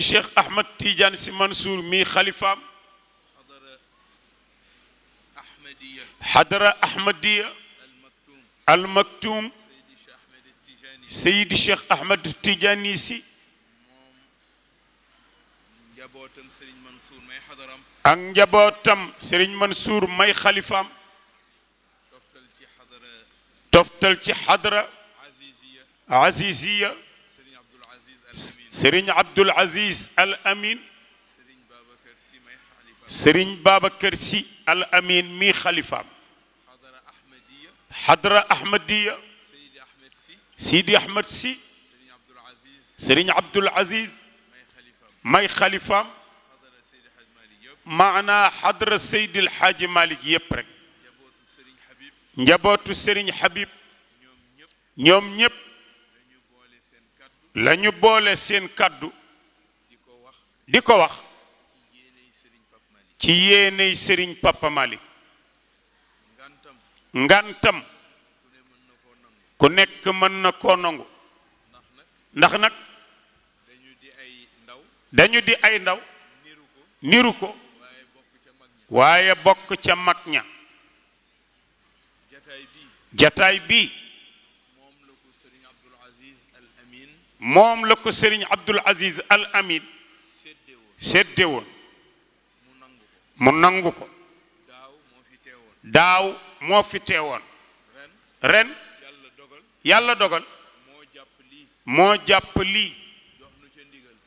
Cheikh Ahmed Tidiane Sy Mansour mii xalifaam xadara ahmadiya almaktum Seydi Cheikh Ahmed Tidiane Sy ak njabootam Serigne Mansour may xalifaam toftal ci xadara aziziya سرين عبد العزيز الأمين سرين بابا كرسي الأمين مي خليفة حضرة أحمدية سيدي أحمد سي سرين عبد العزيز مي خليفة معنا حضرة سيد الحاج مالك يبرك نجابوتو سرين حبيب نيوم نيب la ñu boole seen kàddu di ko wax ci yéeney sëriñ Papa Malick ngantam ku nekk mën na koo nangu ndax nag dañu di ay ndaw niru ko waaye bokk ca mag ña jataay bii moom la ko sëriñ Abdul Aziz Al Amin sedde woon mu nangu ko daaw moo fi teewoon ren yàlla dogal moo jàpp lii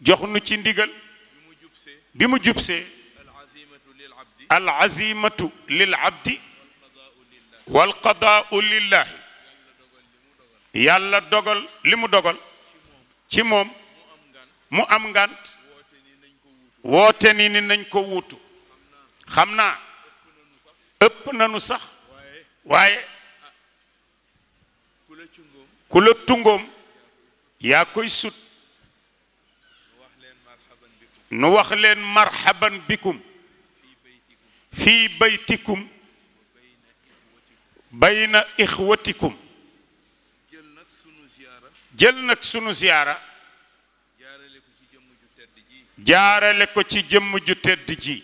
jox nu ci ndigal bi mu jubsee al azimatu lil abdi wal qadaau lillahi yàlla dogal li mu dogal ci mom mu am ngant wote ni ni nañ ko wutu xamna ëpp nanu sax waye kula tungom ya koy sut nu wax len marhaban bikum fi baytikum bayna ikhwatikum jël nak sunu ziyara jaarale ko ci jëmm ju tedd ji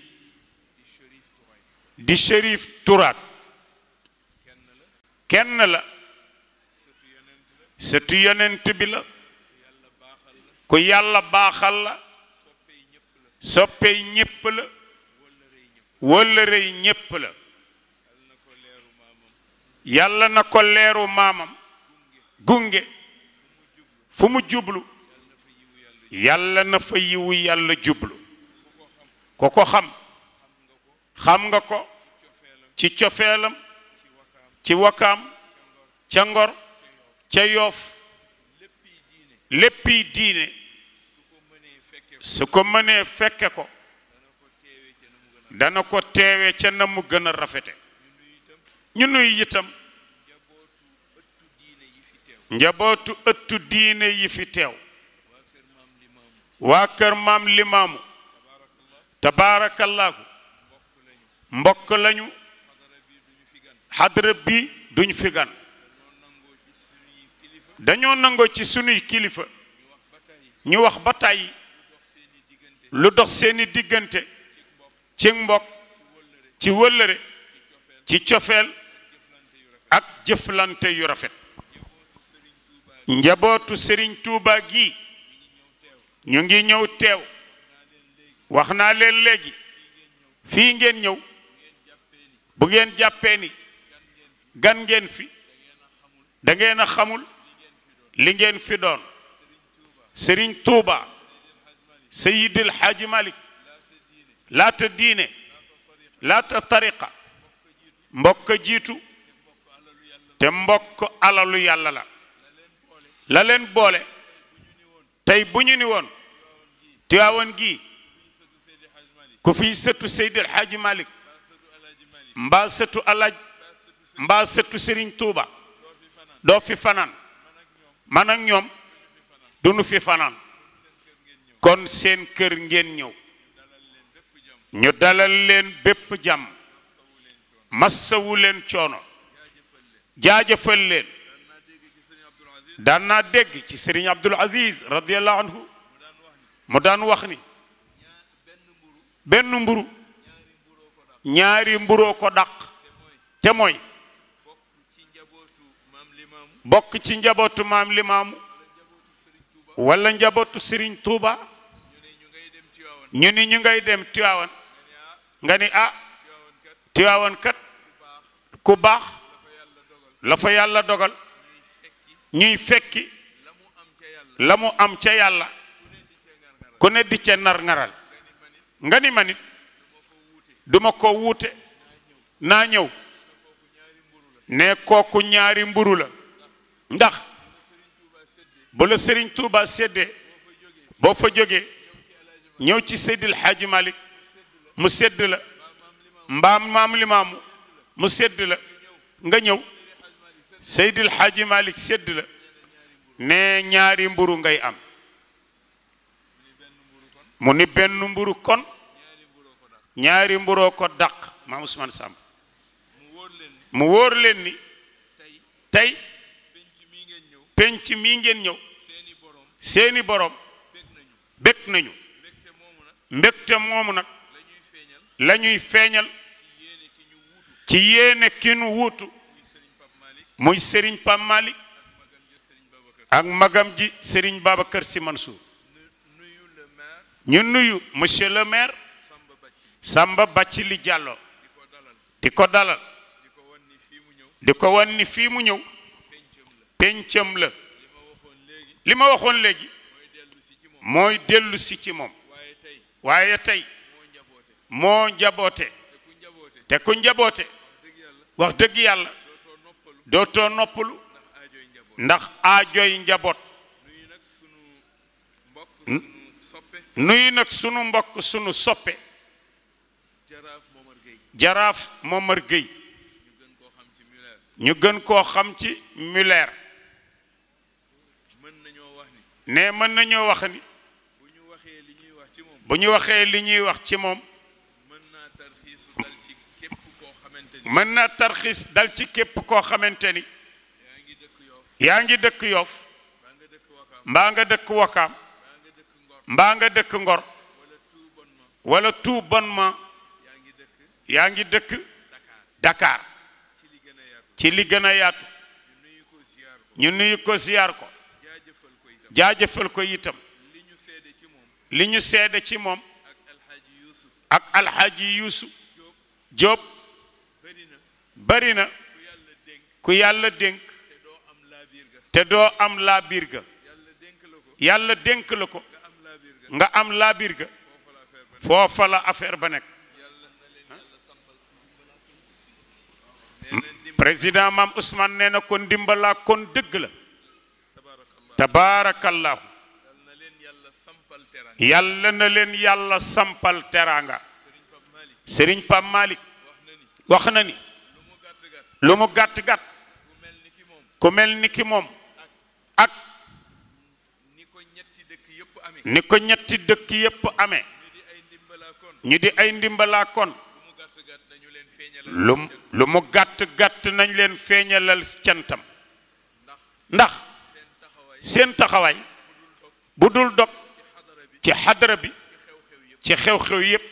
di Chérif Tourate kenn la sëtu yenent bi la ko yàlla baaxal la soppey ñépp la wëllërey ñépp la yàlla na ko leeru maamam gunge fu mu jublu yàlla na fa yiwu yàlla jublu ku ko xam xam nga ko ci cofeelam ci wakam ca ngor ca yoof léppi diine su ko mënee fekke ko dana ko teewe ca na mu gën a rafete ñu nuy itam njabootu ëttu diine yi fi teew waa kër maam limaamu tabaarakallaahu mbokk lañu xadra bi duñ fi dañoo nangoo ci sunuy kilifa ñu wax ba tàyyi lu dox seeni diggante ci mbokk ci wëllëre ci cofeel ak jëflante yu rafet njabootu sëriñ tuuba gi ñu ngi ñëw teew wax naa leen léegi fii ngeen ñëw bu ngeen jàppee ni gan ngeen fi dangeen a xamul li ngeen fi doon sëriñ tuuba sayidil xaaji malik laata diine laata tariqa mbokk jiitu te mbokk alalu yàlla la la leen boole tey bu ñu ni woon Tiwaawan gi ku fi sëtu Seydi El Hadji Malick mbaa sëtu alaaj mbaa sëtu Serigne Touba doo fi fanaan mana ak ñoom duñu fi fanaan kon seen kër ngeen ñëw ñu dalal leen bépp jàmm massawu leen coono jaajëfal leen daan naa dégg ci sëriñ Abdoul Aziz anhu mu daan wax ni benn mburu ñaari mburoo ko dàq te mooy bokk ci njabootu maam limaamu walla njabootu Serigne tuuba ñu ni ñu ngay dem Tiwaawan nga ni ah Tiwaawan kat ku baax la yàlla dogal ñuy fekki lamu am ca yàlla ku ne di ca nar ngaral nga ni ma duma ko wuute naa ñëw ne kooku ñaari mburu la ndax bu la Serigne Touba séddee boo fa jógee ñëw ci Seydil Hadji Malick mu sedd la mbaam maam limaamu mu sedd la nga ñëw Seydil Hadji Malick sedd la ne ñaari mburu ngay am mu ni benn mburu kon ñaari mburoo ko dàq maam Ousmane Samb mu woor leen ni tey penc mii ngeen ñëw seeni borom bég nañu mbégte moomu nag la ñuy feeñal ci yéene ki nu wuutu muy Serigne Pape Malick ak magam ji Serigne Babacar Sy Mansour ñu nuyu monsieur le maire Samba Bathily Diallo di ko dalal di ko wanni ni fii mu ñëw pencam la li ma waxoon léegi mooy dellu si ci moom waaye tey moo njaboote te ku njaboote wax dëgg yàlla dootoo noppalu ndax aajoy njaboot nuyu nag sunu mbokk sunu soppe jaraaf Momar Gueye ñu gën koo xam ci Muller ne mën nañoo wax ni bu ñu waxee li ñuy wax ci moom mën naa tarxiis dal ci képp koo xamante ni yaa ngi dëkk Yoff mbaa nga dëkk Wakaam mbaa nga dëkk Ngor wala tout bonnement yaa ngi dëkk Dakar ci li gën a yaatu ñu nuyu ko ziyaar ko jaajëfal ko itam li ñu seede ci moom ak alxaaji Yuusu Jóob bari na ku yàlla dénk te doo am laabiir ga yàlla dénk la ko nga am laabir ga foofa la affaire ba nekk président maam Ousmane nee na kon kon dëgg la tabaarakallaahu yàlla na leen yàlla sampal teraanga sëriñ Pam Malick wax lu mu gàtt-gàtt ku mel ni ki moom ak ni ko ñetti dëkk yépp amee ñi di ay ndimbalaa kon lu lu mu gàtt-gàtt nañ leen feeñalal cantam ndax seen taxawaay bu dul dog ci xadara bi ci xew-xew yépp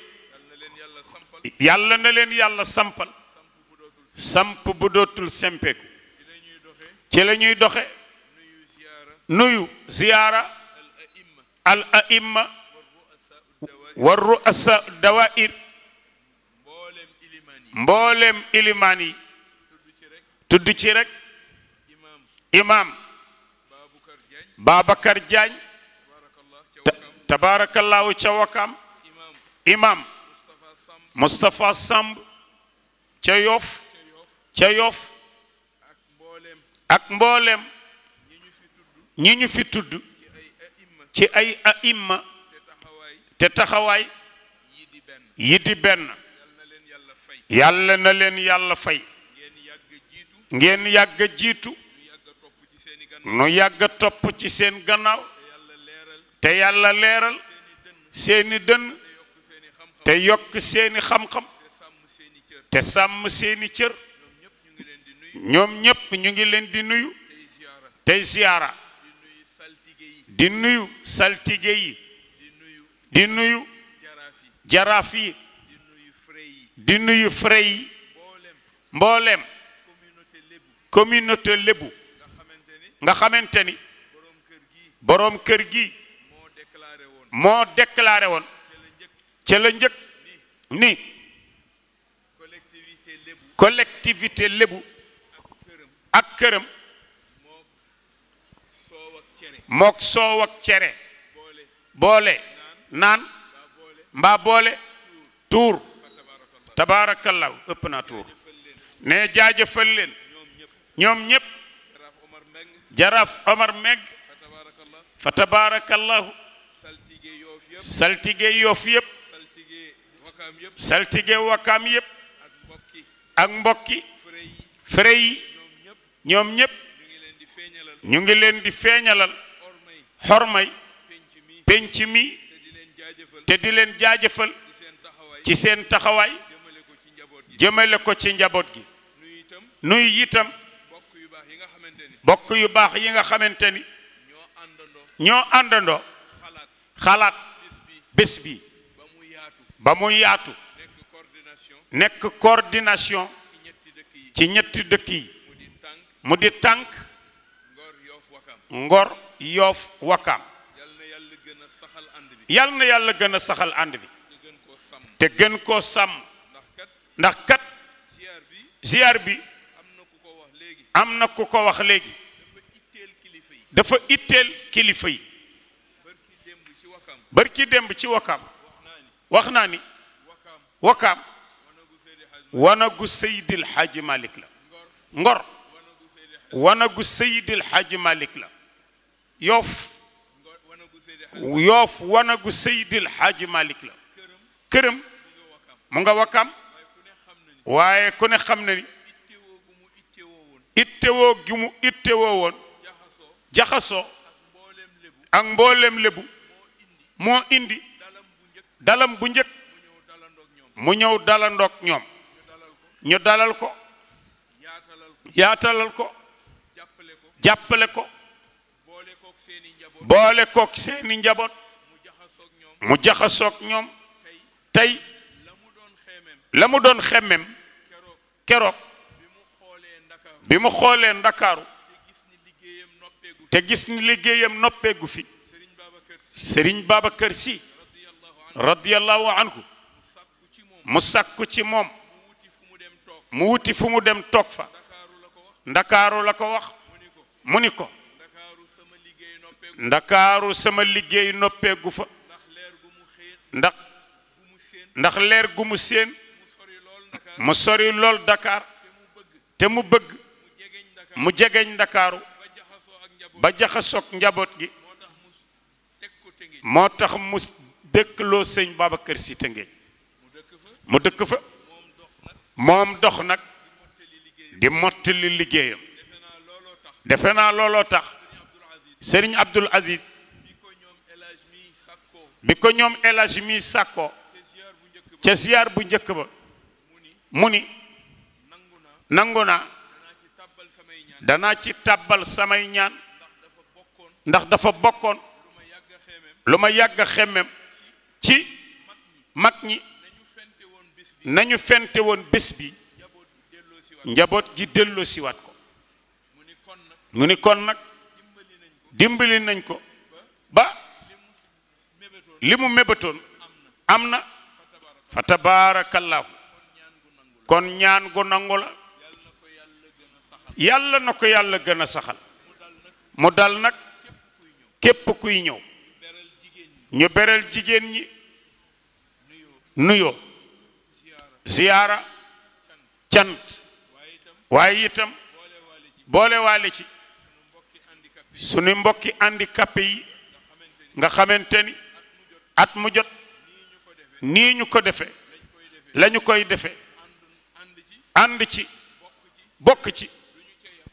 yàlla na leen yàlla sampal samp bu dootul sempeeku ci la ñuy doxe nuyu ziyaara al aima wa ruasa dawair mboolem ilimaan yi tudd ci rek imaam Babacar Diagne tabaarakallaahu ca Wakaam imaam Moustapha Samb ca Yoff ca Yoff ak mboolem ñi ñu fi tudd ci ay aimma te taxawaay yi di benn yàlla na leen yàlla fay ngeen yàgg a jiitu nu yàgg a topp ci seen gannaaw te yàlla leeral seeni dënn te yokk seeni xam-xam te sàmm seeni cër ñoom ñépp ñu ngi leen di nuyu tey siyaara di nuyu saltige yi di nuyu jaraaf yi di nuyu frais yi mboolem communauté lébu nga xamante ni boroom kër gi moo déclaré woon ca la njëkk ni collectivité lébu ak këram mook soow cere boole naan mbaa boole tuur tabaarakallahu ëpp naa tuur ne jaajëfal leen ñoom ñépp jaraaf omar meg fa tabaarakallahu saltige yoof yépp saltige wakaam yépp ak mbokki fere ñoom ñépp ñu ngi leen di feeñalal xormay penc mi te di leen jaajëfal ci seen taxawaay jëmale ko ci njaboot gi nuy itam bokk yu baax yi nga xamante ni ñoo àndandoo xalaat bés bi ba mu yaatu nekk coordination ci ñetti dëkk yi mu di tànk ngor Yoff Wakam yal na yàlla gën a saxal ànd bi te gën koo sàmm ndax kat ziar bi am na ku ko wax léegi dafa itteel kilifa yi barki démb ci Wakam wax naa ni Wakam wanagu Seydil Hadji Malick la Ngor wanagu Seydil Hadji Malick la yoof yoof wanagu Seydil Hadji malik la këram mu nga wakam waaye ku ne xam na ni ittewoo gi mu ittewoo woon jaxasoo ak mboolem lébu moo indi dalam bu njëkk mu ñëw dalandoog ñoom ñu dalal ko yaatalal ko jàppale ko boole kook seeni njaboot mu jaxasoog ñoom tey la mu doon xemmem keroog bi mu xoolee ndakaaru te gis ni liggéeyam noppeegu fi sëriñ Babacar Sy radiyallahu anhu mu sakku ci moom mu wuti fu mu dem toog fa ndakaaru la ko wax mu ni ko ndakaaru sama liggéey noppeegu fa ndax ndax leer gu mu seen mu sori lool Dakar te mu bëgg mu jegeñ ndakaaru ba jaxasoog njaboot gi moo tax mu dëkkloo sëñ Babacar Si Tëngéej mu dëkk fa moom dox nag di mottali liggéeyam defe naa looloo tax sëriñ Abdul Aziz bi ko ñoom El Hadj mi sàkko ca siyaar bu njëkk ba mu ni nangu naa danaa ci tàbbal samay ñaan ndax dafa bokkoon lu ma yàgg a ci mag ñi nañu fente woon bés bi njaboot gi delloo siwaat ko mu ni kon nag dimbali nañ ko ba li mu am na fa tabaarakallaahu kon ñaan gu nangu na ko yàlla gën a saxal mu dal nag képp kuy ñëw ñu beral jigéen ñi nuyoo ziyaara cant waaye itam boole ci suñu mbokki andi handicapé yi nga xamante ni at mu jot nii ñu ko defe lañu koy defe ànd ci bokk ci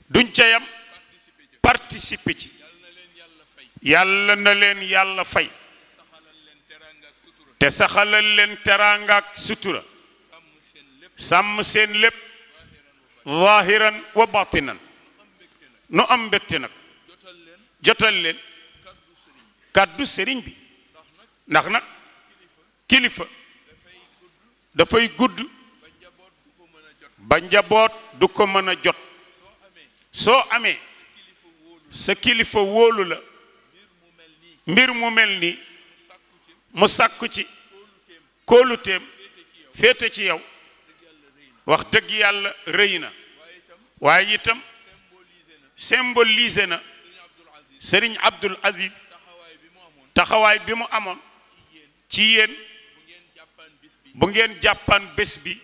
duñ ca yam participer ci yàlla na leen yàlla fay te saxalal leen teraanga ak sutura sàmm seen lépp zahiran wa batinan nu am mbégte nag jotal leen kàddu sëriñ bi ndax nag kilifa dafay gudd ba njaboot du ko mën a jot soo amee sa kilifa wóolu la mbir mu mel nii mu sàkku ci kóoluteem féete ci yow wax dëgg yàlla rëy na waaye itam symbolise na sëriñ Abdul Aziz taxawaay bi mu amoon ci yéen bu ngeen jàppaan bés bi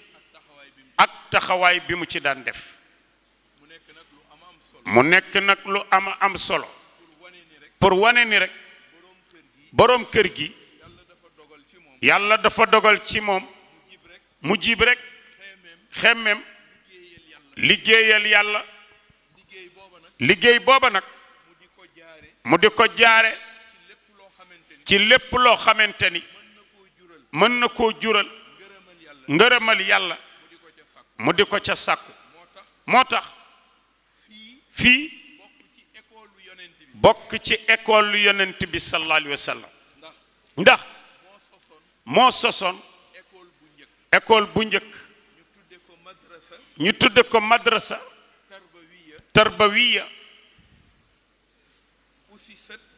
ak taxawaay bi mu ci daan def mu nekk nag lu am am solo pour wane ni rek boroom kër gi yàlla dafa dogal ci moom mu jiib rek xemmeem liggéeyal yàlla liggéey booba nag mu di ko jaare ci lépp loo xamante ni mën na koo jural ngërëmal yàlla mu di ko ca sàkku moo tax fii fii bokk ci école yonent bi sallallahu alayhi ndax moo sosoon école bu njëkk ñu tudd ko madrasa tarbawiya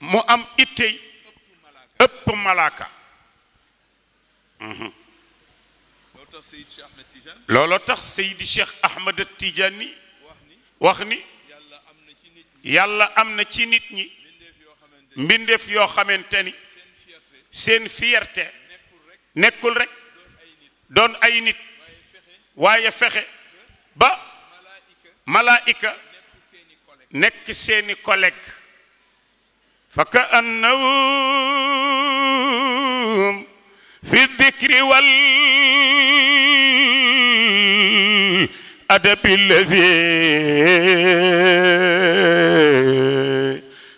mu am ittey ëpp malaaka looloo tax Seydi Cheikh Ahmed Tidiane wax ni yàlla am na ci nit ñi mbindeef yoo xamante ni seen fierté nekkul rek doon ay nit waaye fexe ba malaika nekk seeni collègue فكأنهم في الذكر والأدب الذي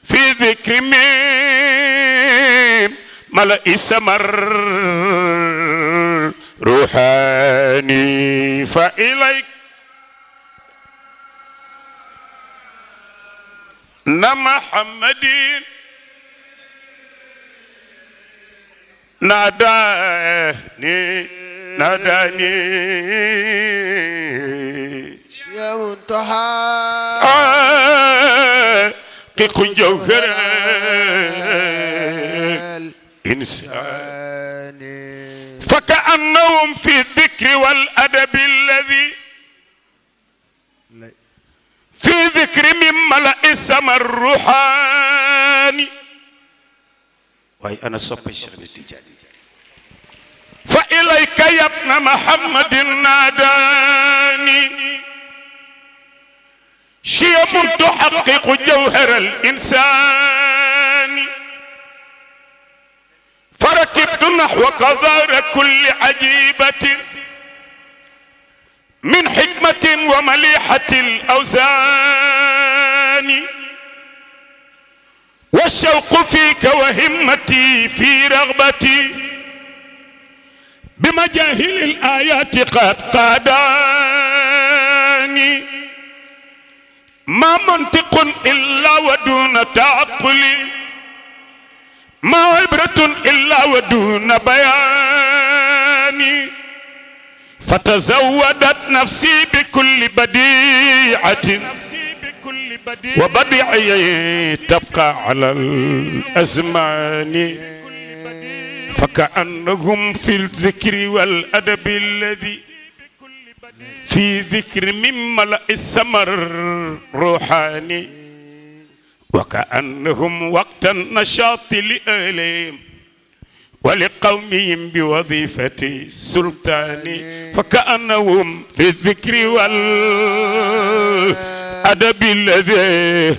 في ذكر من ملأ سمر روحاني فإليك نما حمدين ناداني ناداني يا منتهى كيكون جوهر إنساني فكأنهم في الذكر والأدب الذي في ذكر من ملأ السماء الروحاني waaye ana soppe Cheikh na Tidiane fa ilayka yabna Muhammadin naadaani shiyabun tuhaqiqu jawharal insaani farakibtu nahwa qadaara kulli ajibatin min hikmatin wa malihatil awsaani والشوق فيك وهمتي في رغبتي بمجاهل الآيات قد قاداني ما منطق إلا ودون تعقل ما عبرة إلا ودون بيان فتزودت نفسي بكل بديعة نفسي وبديعي تبقى على الأزمان فكأنهم في الذكر والأدب الذي في ذكر من ملأ السمر روحاني وكأنهم وقت النشاط لأهلهم ولقومهم بوظيفة السلطان فكأنهم في الذكر وال الأدب الذي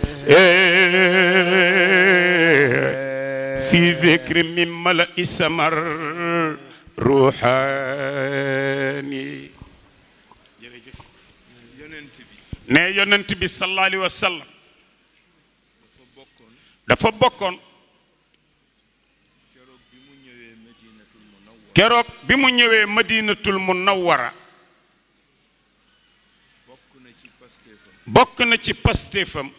في ذكر من ملأ السمر روحاني ne yonent bi sallallahu alayhi wa sallam dafa bokkoon keroog bi mu ñëwee madinatul munawwara bokk na ci pastéefam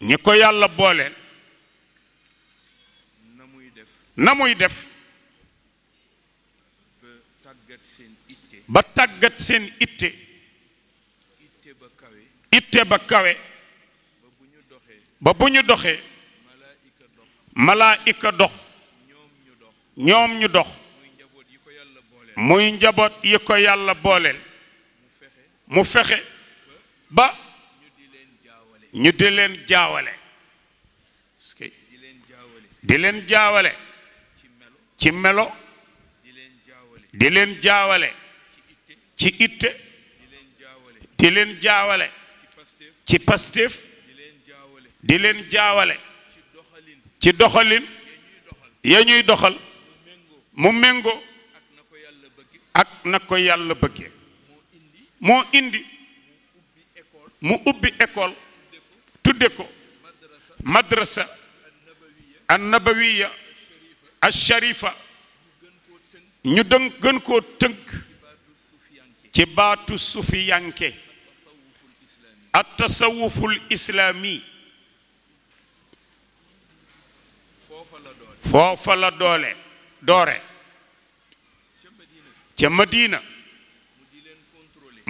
ñi ko yàlla booleel na muy def ba tàggat seen itte itte ba kawe ba bu ñu doxee malaayika dox ñoom ñu dox muy njaboot yi ko yàlla booleel mu fexe ba ñu di leen jaawale di leen jaawale ci melo di leen jaawale ci itte di leen jaawale ci Pastef di leen jaawale ci doxalin ya ñuy doxal mu méngoo ak na ko yàlla bëgge moo indi mu ubbi école tudde ko madrasa an nabawiya ñu gën koo tënk ci baatu sufiyanke at tasawuful islaami foofa la doole doore ca madina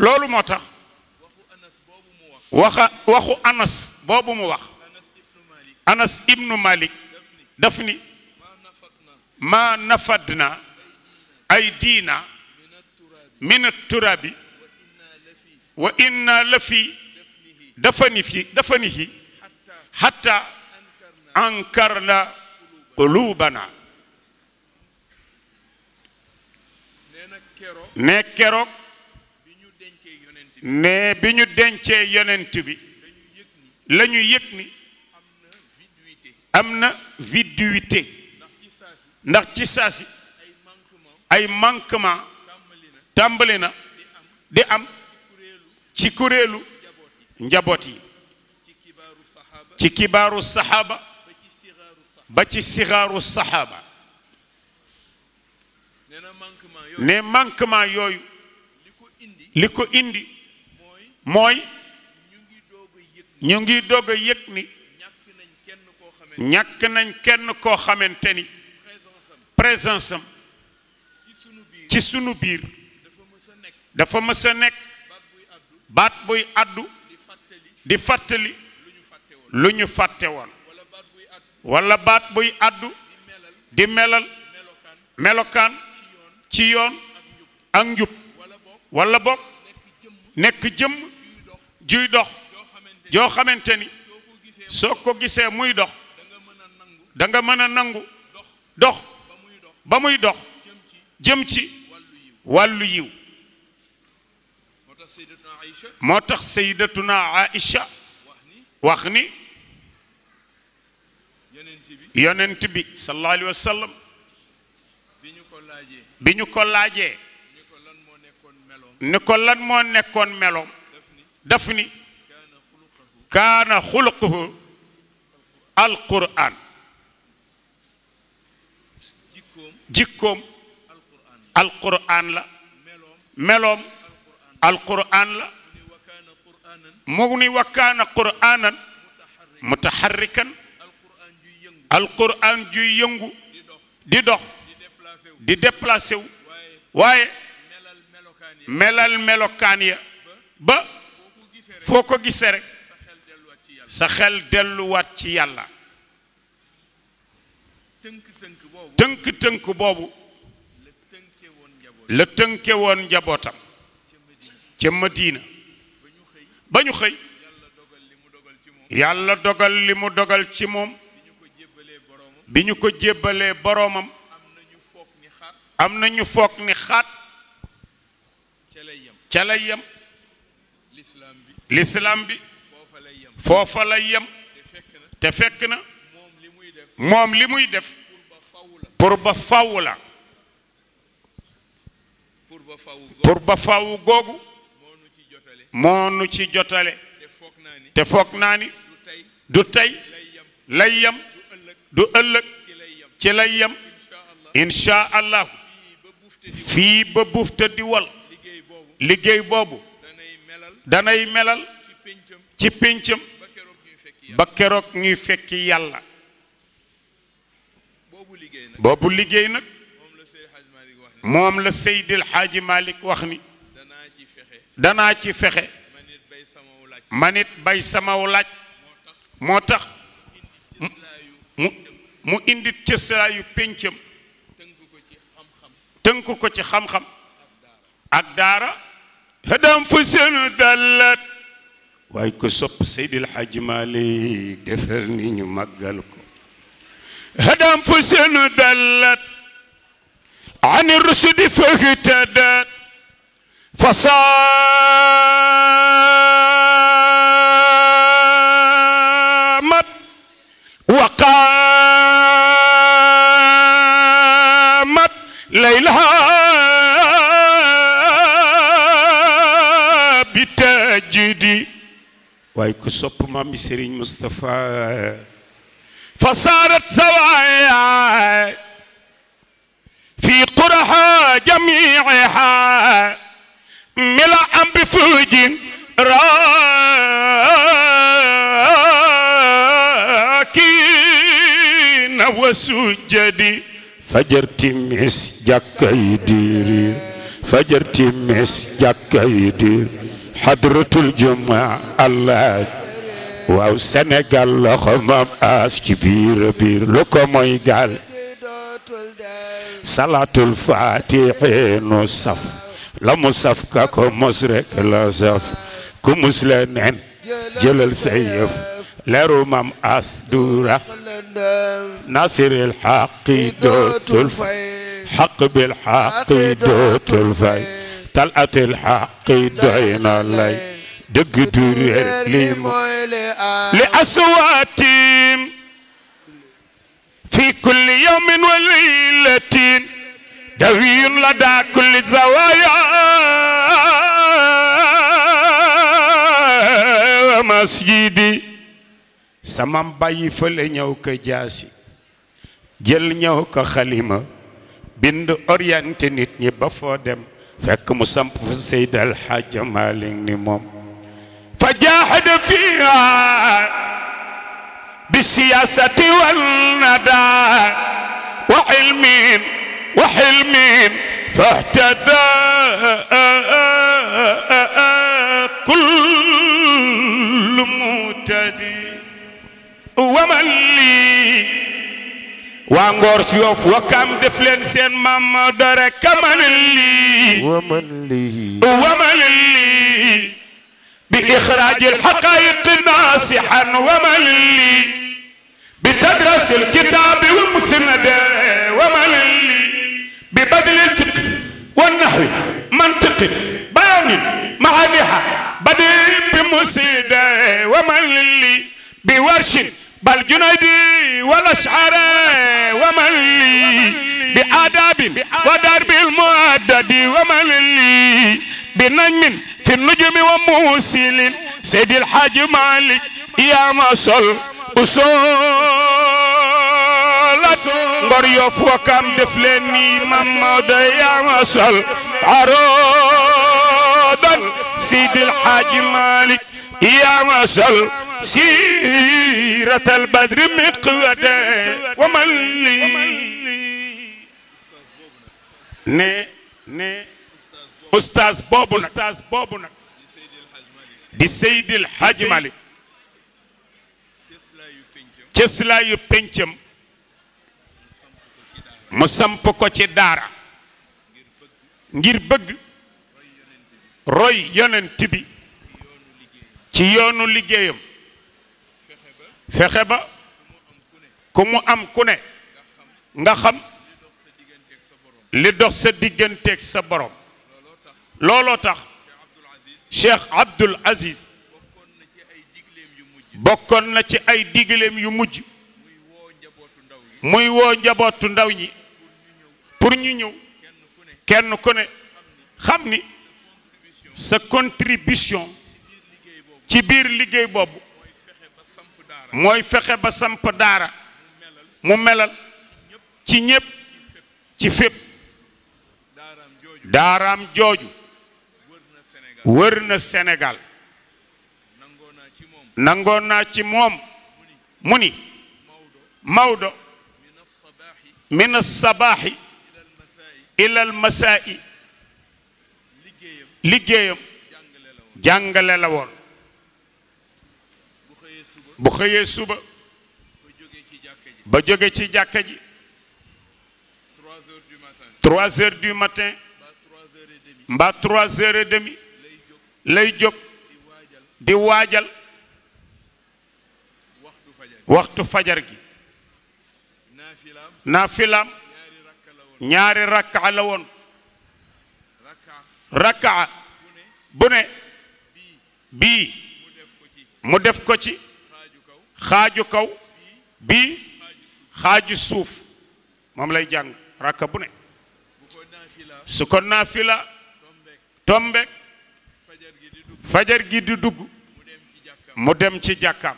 loolu moo tax waxa waxu anas boobu mu wax anas ibnu malik daf ni ma nafadna ay diina min aturabi wa inna la fi dafani fi dafanihi hatta ankarna qulubana ne keroog ne bi ñu dencee yonent bi la ñu yëg ni am na viduité ndax ci saasi ay manquement tàmbali na di am ci kuréelu njaboot yi ci kibaaru saxaaba ba ci sigaaru saxaaba ne manquement yooyu li ko indi mooy ñu ngi doog a yëg ni ñàkk nañ kenn koo xamante ni présence am ci sunu biir dafa mës a nekk baat buy àddu di fàttali lu ñu fàtte woon walla baat buy àddu di melal melokaan ci yoon ak njub walla bokk nekk jëmm juy dox joo xamante ni soo ko gisee muy dox da nga mën a nangu dox ba muy dox jëm ci wàllu yiw moo tax sayyidatuna Aïcha wax ni yonent bi sallallahu alayhi bi ñu ko laajee ni ko lan moo nekkoon meloom daf ni kaana xuluquhu alquran jikkoom alquran la meloom alquran la mu ni wa kaana quranan mutaxarrikan alquran juy yëngu di dox di déplacé wu waaye melal melokaan ya ba foo ko gisee rek sa xel delluwaat ci yàlla tënk-tënk boobu la tënke woon njabootam ca Madina ba ñu xëy yàlla dogal li mu dogal ci moom bi ñu ko jébbalee boroomam am na ñu foog ni xaat ca lay yem lislaam bi foofa lay yem te fekk na moom li muy def pour ba faw la pour ba faw googu moo nu ci jotale te foog naa ni du tey lay yem du ëllëg ci lay yem incha allah fii ba bufta di wal liggéey boobu danay melal ci péncam ba keroog ngi fekki yàlla boobu liggéey nag moom la Seydil Xaaji Malik wax ni danaa ci fexe man it bay samaw laaj moo tax mu indi cëslaayu péncam tënku ko ci xam-xam ak daara فدم فسن دلت واي كسب سيد الحاج مالي دفرني نمقلك هدام فسن دلت عن الرشد فاغتدت فصامت وقال jiidi waaye ku sopp maam Serigne Moustapha fasaarat sawaaya fi quraha jamiiha mila am bi fuujin raakina wa sujjadi fajar timis jàkka yi diir fajar timis jàkka yi diir حضرة الجمعة الله واو سنغال لخمام اس كبير بير لكم ايقال صلاة الفاتحين وصف لما صفككم مصرك لازف كمسلمين جلال سيف لرمام اس دورة ناصر الحق دوت الفاي حق بالحق دوت الفاي talatil xaqi doy na lay dëgg du réer lii li aswaatim fi kulli yawmin wa laylatin dawiyun lada kulli zawaya masjidi samam bàyyi fële ñëw ko jaasi jël ñëw ko xalima bind orienté nit ñi ba dem فك مسامح سيد الحاج مالين مم فجاهد فيها بالسياسة والندى وحلمين وحلمين فاهتدى كل متدي ومن لي وانغور شوف وكم دفلن سين ماما دره كمان اللي ومن اللي ومن اللي بإخراج الحقائق ناصحا ومن اللي بتدرس الكتاب ومسندة ومن اللي ببدل الفقه والنحو منطقي بيان معانيها بديل بمسيدة ومن اللي بورشه بل جنيدي والأشعر ومن لي بآداب ودرب المعدد ومن لي بنجم في النجم وموسل سيد الحاج مالك يا مصل أصول ngor yof wakam def len يا mamadou ya masal arodan sidil haji malik ya masal سيرة البدر مقودة ومن لي ني ني أستاذ بوبنا أستاذ بوبنا di Seydil Hadj Malick cëslaayu péncam mu samp ko ci daara ngir bëgg roy yonent ci yoonu liggéeyam fexeba comme am ku nga xam li dox sa ak sa borom tax Cheikh Abdul Aziz bokkon na ci ay digleem yu mujj muy wo njabootu ndaw ñi pour ñu ñew kenn sa contribution ci biir mooy fexe ba samp daara mu melal ci ñépp ci fépp daaraam jooju wër na Sénégal nangoon naa ci moom mu ni Maodo min as-sabaaxi ila al-masaa'i liggéeyam jàngale la woon bu xëyee suba ba jóge ci jàkka ji trois heures du matin mba trois heures et demi lay jóg di waajal waxtu fajar gi naafilaam ñaari rakka la woon rakka bu ne bii mu def ko ci xaaju kaw bii xaaju suuf moom lay jàng rakka bu ne su ko naafila tombeek fajar gi di dugg mu dem ci jàkkam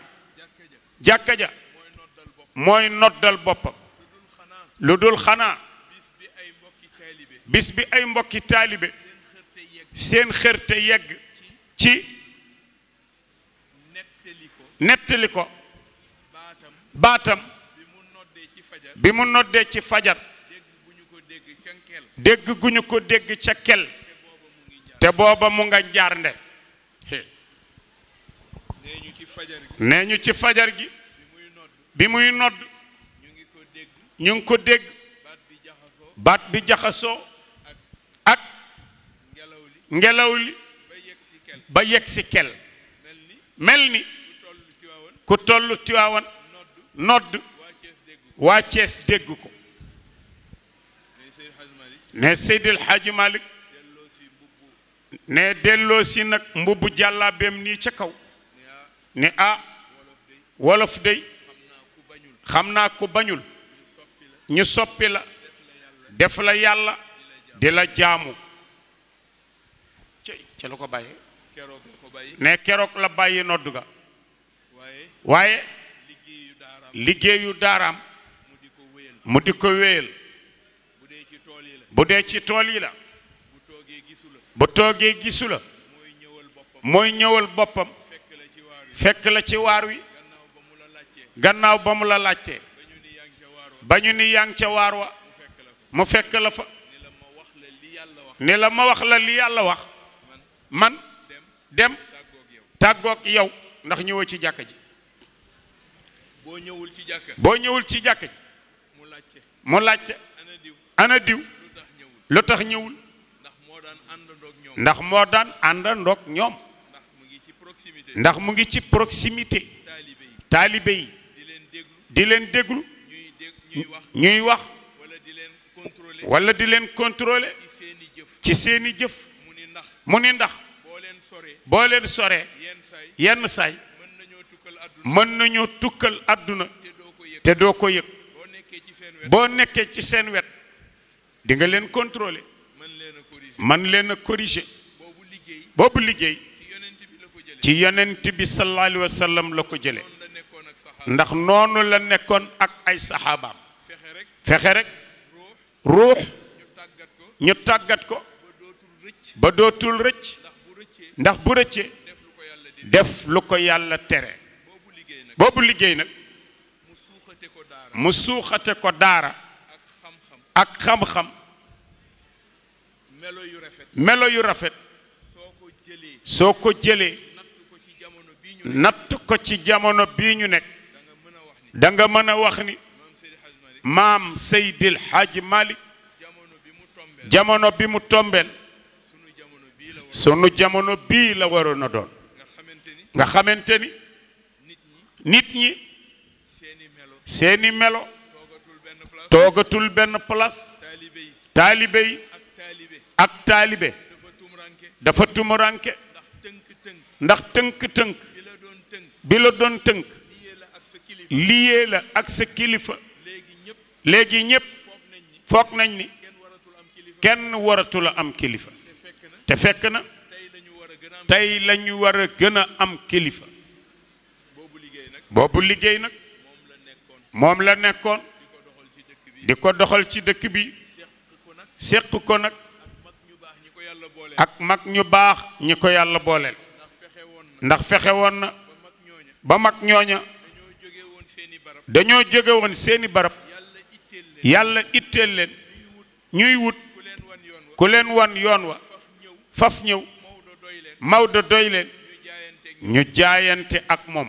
jàkka ja mooy noddal boppam lu dul xanaa bis bi ay mbokki taalibe seen xërte yegg ci nettali ko baatam bi mu noddee ci fajar dégg gu ñu ko dégg ca kel te booba mu nga njaarnde nee ñu ci fajar gi bi muy nodd ñu ngi ko dégg baat bi jaxasoo ak ngelaw li ba yegg si kel mel ni ku tollu Tiwaawan nodd waa Cees dégg ko ne Seydil Hadji Malick ne delloo si nag mbubbu jàllaabeem nii ca kaw ne ah wolof dey xam naa ko bañul ñu soppi la def la yàlla di la jaamu ca la ko bàyyee ne keroog la bàyyi nodd ga waaye liggéeyu daaraam mu di ko wéyal bu dee ci tool yi la bu toogee gisu la mooy ñëwal boppam fekk la ci waar wi gannaaw ba mu la laajtee ba ñu ni yaa ca waar wa mu fekk la fa ni la ma wax la li yàlla wax man dem tàggoog yow ndax ñëwoo ci jàkka ji boo ñëwul ci jàkka boo ñëwul ci jàkka ji mu laajte mu laajte ana diw lu tax ñëwul ndax moo daan àndandoog ñoom ndax mu ngi ci proximité taalibe yi di leen déglu ñuy wax wala di leen contrôler ci seeni jëf mu ni ndax boo leen soree yenn saay mën nañoo tukkal àdduna te doo ko yëg boo nekkee ci seen wet di nga leen contrôler man leen a corriger boobu liggéey ci yonent bi sallallahu alayhi sallam la ko jëlee ndax noonu la nekkoon ak ay saxaabaam fexe rek ruux ñu tàggat ko ba dootul rëcc ndax bu rëccee def lu ko yàlla tere boobu liggéey nag mu suuxate ko daara ak xam-xam melo yu rafet melo yu rafet soo ko jëlee natt ko ci jamono bii ñu nekk da nga mën a wax ni maam Seydil Hadj Malick jamono bi mu tombeel sunu jamono bii la waroon a doon nga xamante nit ñi seeni melo toogatul benn place taalibe yi ak taalibe dafa tumuraanke ndax tënk-tënk bi la doon tënk liyee la ak sa kilifa léegi ñépp foog nañ ni kenn waratul am kilifa te fekk na tey la ñu war a gën a am kilifa boobu liggéey nag moom la nekkoon di ko doxal ci dëkk bi séq ko nag ak mag ñu baax ñi ko yàlla booleel ndax fexe woon na ba mag ñooña dañoo jóge woon seeni barab yàlla itteel leen ñuy wut ku leen wan yoon wa faf ñëw Maodo doy leen ñu jaayante ak moom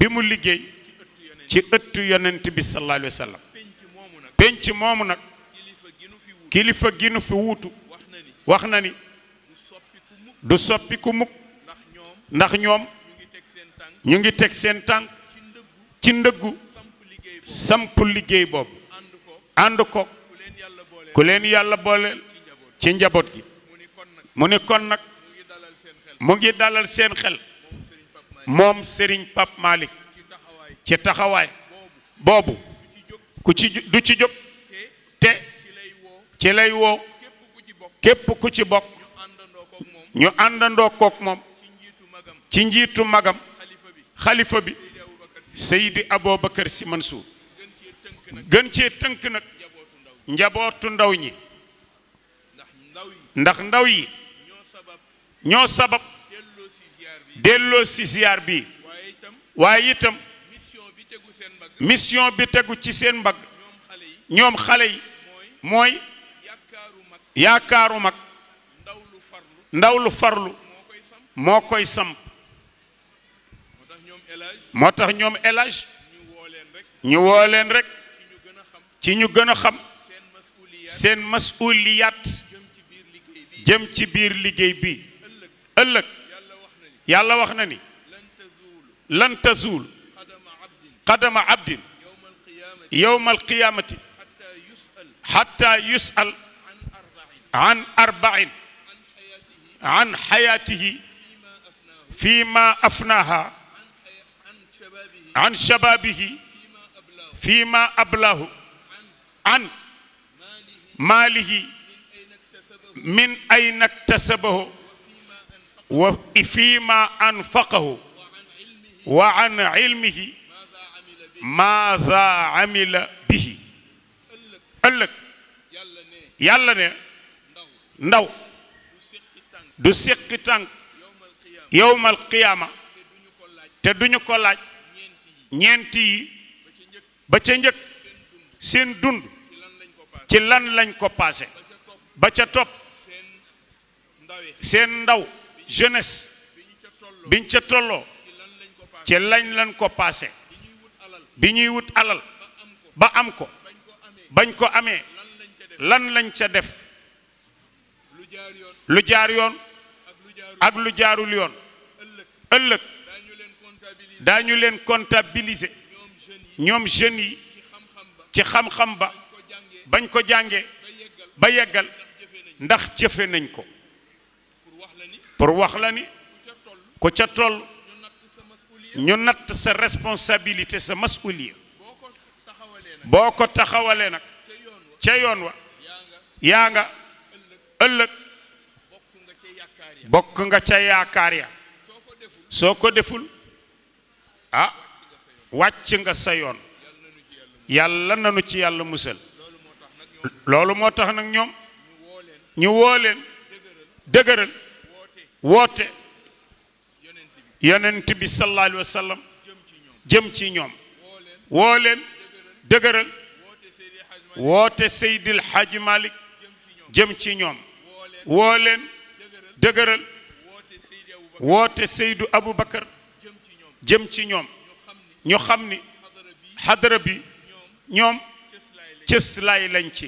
bi mu liggéey ci ëttu yonent bi sallallahu alayhi wa sallam penc moomu nag kilifa gi nu fi wuutu wax na ni du soppiku mukk ndax ñoom ñu ngi teg seen tànk ci ndëggu samp liggéey boobu ànd ko ku leen yàlla booleel ci njaboot gi mu ni kon nag mu ngi dalal seen xel moom Serigne Pape Malick ci taxawaay boobu ku ci du ci jóg te ci lay woo képp ku ci bokk ñu àndandoo kook moom ci njiitu magam xalifa bi Seydi Aboubacar Sy Mansour gën cee tënk nag njabootu ndaw ñi ndax ndaw yi ñoo sabab delloo si bi waaye itam mission bi tegu ci seen mbagg ñoom xale yi mooy yaakaaru mag ndaw lu farlu moo koy samp moo tax ñoom élage ñu woo leen rek ci ñu gën a xam seen masuliyaat jëm ci biir liggéey bi ëllëg يالا وخناني لن تزول قدم عبد يوم القيامة حتى يسأل عن أربع عن حياته فيما أفناها عن شبابه فيما أبلاه عن ماله من أين اكتسبه فيما أنفقه وعن علمه ماذا عمل به ëllëg yàlla ne ndaw du séqi tànk yowmal qiyaama te duñu ko laaj ñeenti yi ba ca njëkk seen dund ci lan lañ ko paase ba ca topp seen ndaw jeunesse biñ ca tolloo ci lañ lañ ko paase bi ñuy wut alal ba am ko bañ ko amee lan lañ ca def lu jaar yoon ak lu jaarul yoon ëllëg daañu leen comptabiliser ñoom jeunes yi ci xam-xam ba bañ ko jàngee ba yeggal ndax jëfe nañ ko pour wax la ni ku ca toll ñu natt sa responsabilité sa masuliya boo ko taxawalee nag ca yoon wa yaa nga ëllëg bokk nga ca yaakaar ya soo ko deful ah wàcc nga sa yoon yàlla nanu ci yàlla musal loolu moo tax nag ñoom ñu woo leen woote yonent bi sallallahu alayhi wa sallam jëm ci ñoom woo leen dëgëral woote Seydil Hadji Malick jëm ci ñoom woo leen dëgëral woote Seydou Aboubacar jëm ci ñoom ñu xam ni xadara ñoom cëslaay lañ ci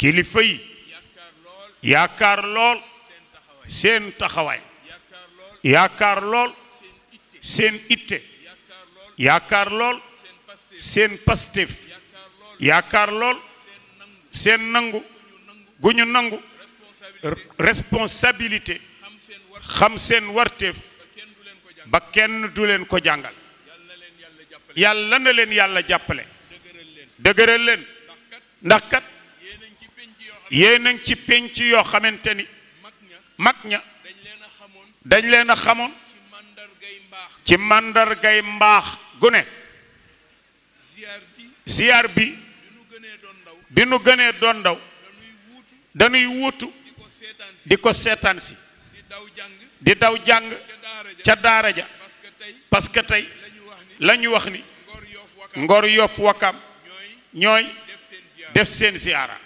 kilifa yi yaakaar lool seen taxawaay yaakaar lool seen itte yaakaar lool seen pastéef yaakaar lool seen nangu gu ñu nangu responsabilité xam seen warteef ba kenn du leen ko jàngal yàlla na leen yàlla jàppale dëgëral leen ndax kat yéen a ngi ci yoo xamante mag ña dañ leen a xamoon ci màndargay mbaax gu ne ziar bi bi nu gënee doon ndaw dañuy wuutu di ko seetaan si di daw jàng ca daara ja parce que tey la ñu wax ni ngor yof wakam ñooy def seen ziara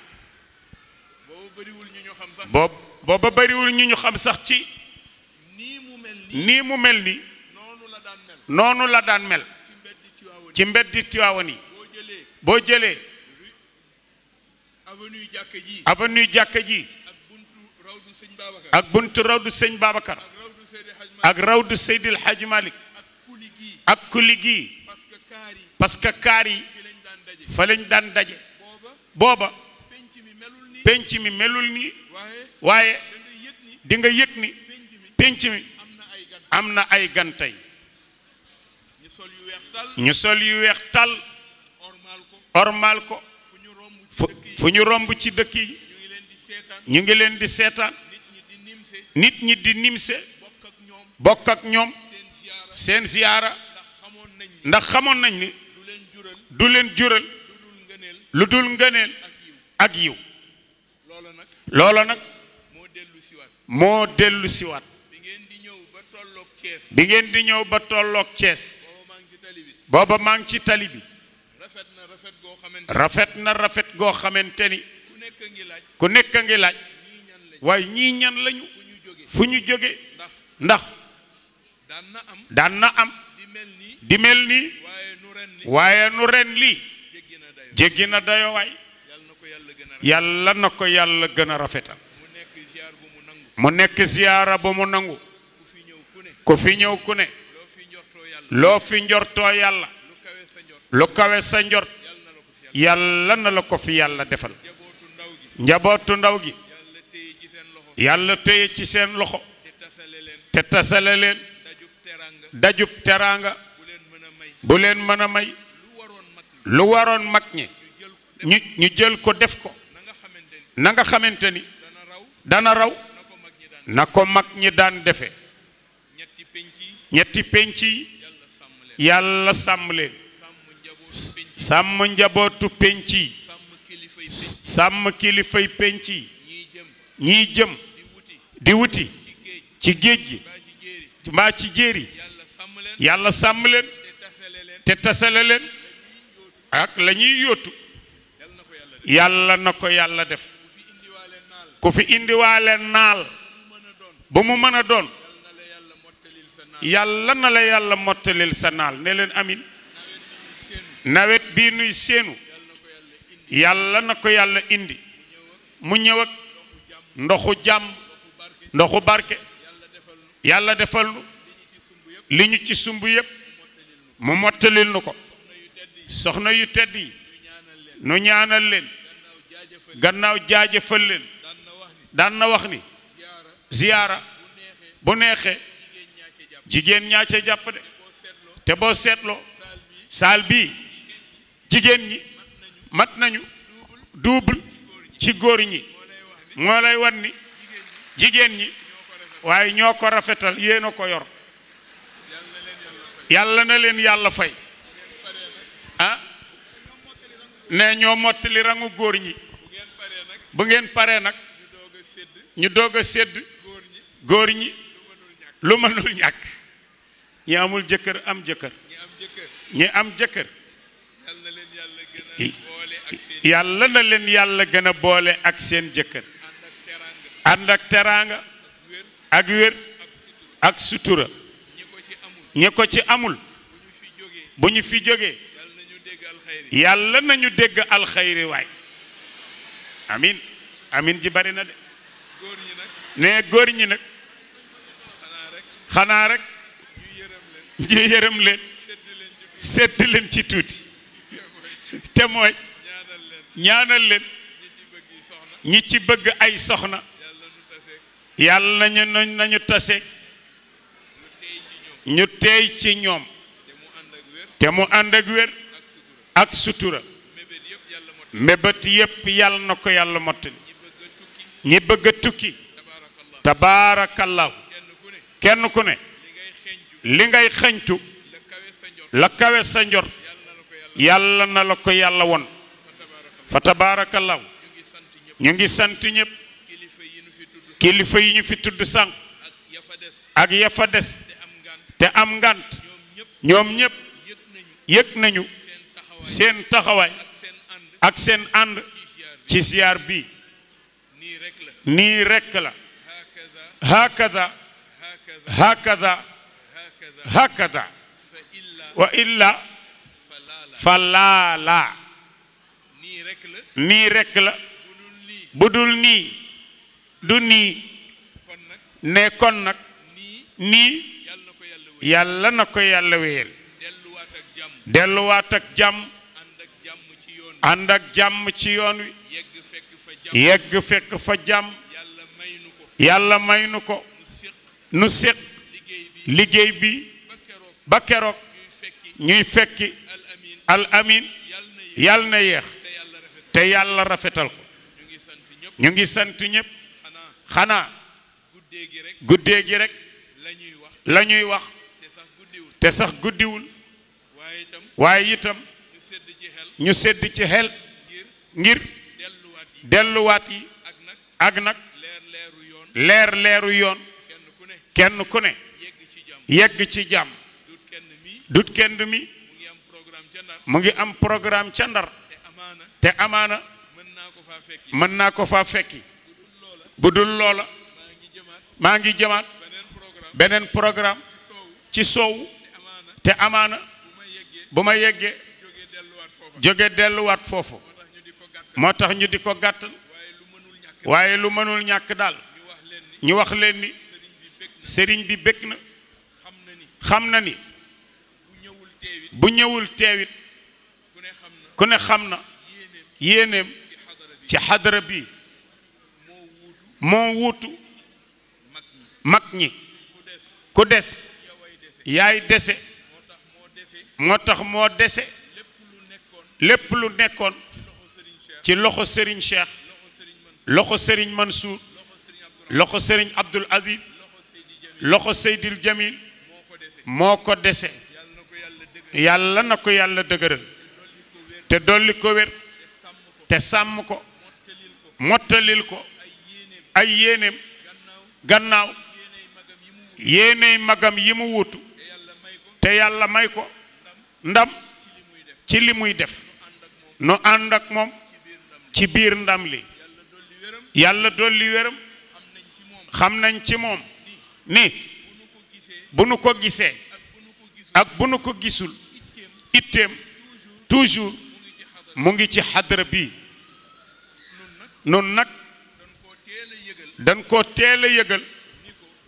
boobu booba bariwul ñu ñu xam sax ci nii mu mel ni noonu la daan mel ci mbeddi Tiwaawan yi boo jëlee avenue jàkka ji ak buntu rawdu sëñ Babacar ak rawdu Seydil Hadji Malick ak kuli gii parce que kaar yi fa lañ daan daje booba penc mi melul nii waaye di nga yëg ni pénc mi am na ay gan tey ñu sol yu weex tal ormal ko fu ñu romb ci dëkk yi ñu ngi leen di seetaan nit ñi di nimse bokk ak ñoom seen ziyaara ndax xamoon nañ ni du leen jural lu dul ngëneel ak yiw Lolo nak moo dellu siwaat moo dellu siwaat bi ngeen di ñëw ba tolloog Thiès bi ngeen di ñew ba tollok Thiès booba maa ci tali rafet na rafet go xamanteni rafet na rafet goo xamante ku nekk ngi laaj way ñi ñan lañu fuñu ñu ndax dan na am di melni nii waaye nu ren lii jéggi na dayo way yàlla na ko yàlla gën a rafetal mu nekk ziyaara bu mu nangu ku fi ñëw ku ne loo fi njortoo yàlla lu kawe sa njort yàlla na la ko fi yàlla defal njabootu ndaw gi yàlla téye ci seen loxo te tasale leen dajub teraanga bu leen mën a may lu waroon mag ñi ñu jël ko def ko nanga xamante ni dana raw na ko mag ñi daan defe ñetti pénc yi yàlla sàmm leen sàmm njabootu penc yi sàmm kilifay penc yi ñiy jëm di wuti ci géej gi mbaa ci jéeri yàlla sàmm leen te tasale leen ak la ñuy yóotu yàlla na ko yàlla def ku fi indiwaale naal ba mu mën a doon yàlla na la yàlla mottalil sa naal ne leen amin nawet bii nuy séenu yàlla na ko yàlla indi mu ñëw ak ndoxu jàmm ndoxu barke yàlla defal nu li ñu ci sumb yépp mu mottalil nu ko soxna yu tedd yi nu ñaanal leen gannaaw jaajëfal leen daan na wax ni ziyaara bu neexee jigéen ñaa ca jàpp de te boo seetloo saal bi jigéen ñi mat nañu double ci góor ñi moo lay wan ni jigéen ñi waaye ñoo ko rafetal yéen a ko yor yàlla na leen yàlla fay ah ne ñoo mottali rangu góor ñi bu ngeen paree nag ñu doog a sédd góor ñi lu mënul ñàkk ñi amul jëkkër am jëkkër ñi am jëkkër yàlla na leen yàlla gën a boole ak seen jëkkër ànd ak teraanga ak wér ak sutura ñi ko ci amul bu ñu fi jógee yàlla ñu dégg alxayri waay amin amin ji bari de ne góor ñi nag xanaa rekk ñu yërëm leen sedd leen ci tuuti te mooy ñaanal leen ñi ci bëgg ay soxna yàlla nañu nañu tase ñu teey ci ñoom te mu ànd ak wér ak sutura mébét yépp yàlla na ko yàlla mott ñi bëgg a tukki tabaarakallahu kenn ku ne li ngay xëñtu la kawe sa njort yàlla na la ko yàlla woon fa tabaarakallahu ñu ngi sant ñëpp kilifa yi ñu fi tudd sànq ak ya des te am ngant ñoom ñëpp yëg nañu seen taxawaay ak seen ànd ci siyaar bi nii rekk la هكذا هكذا هكذا وإلا فلا لا nii rekk la bu dul nii du nii ne kon ni nii yàlla na ko yàlla wéyal delluwaat ak jàmm ànd ak jàmm ci yoon wi yegg fekk fa jàmm yàlla may nu ko nu séq liggéey bi ba keroog ñuy fekki al amin yàlla na yéex te yàlla rafetal ko ñu ngi sant ñëpp xanaa guddee gi rek la ñuy wax te sax guddiwul waaye itam ñu sedd ci xel ngir delluwaat yi ak nag leer leeru yoon kenn ku ne yegg ci jàmm dut kenn mi mu ngi am programme ca ndar te amaana mën naa ko faa fekki bu dul loola maa ngi jëmaat beneen programme ci soowu te amaana bu ma yeggee jóge delluwaat foofu moo tax ñu di ko gàttal waaye lu mënul ñàkk daal ñu wax leen ni sëriñ bi bëgg na xam na ni bu ñëwul teewit ku ne xam na yéeneem ci xadara bi moo wuutu mag ñi ku des yaay dese moo tax moo dese lépp lu nekkoon ci loxo Serigne Cheikh loxo Serigne Mansour loxo sëriñ Abdul Aziz loxo Seydil Jamil moo ko dese yàlla na ko yàlla dëgëral te dolli ko wér te sàmm ko mottalil ko ay yéeneem gannaaw yéeney magam yi mu wuutu te yàlla may ko ndam ci li muy def nu ànd moom ci biir ndam li yàlla dolli wéram xam nañ ci moom ni bu nu ko gisee ak bu nu ko gisul itteem toujours mu ngi ci xadra bi noonu nag dañ koo teel a yëgal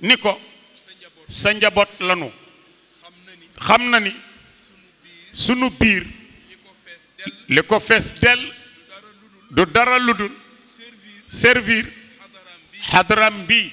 ni ko sa njaboot lanu xam na ni sunu biir li ko fees dell du dara ludul servir xadram bi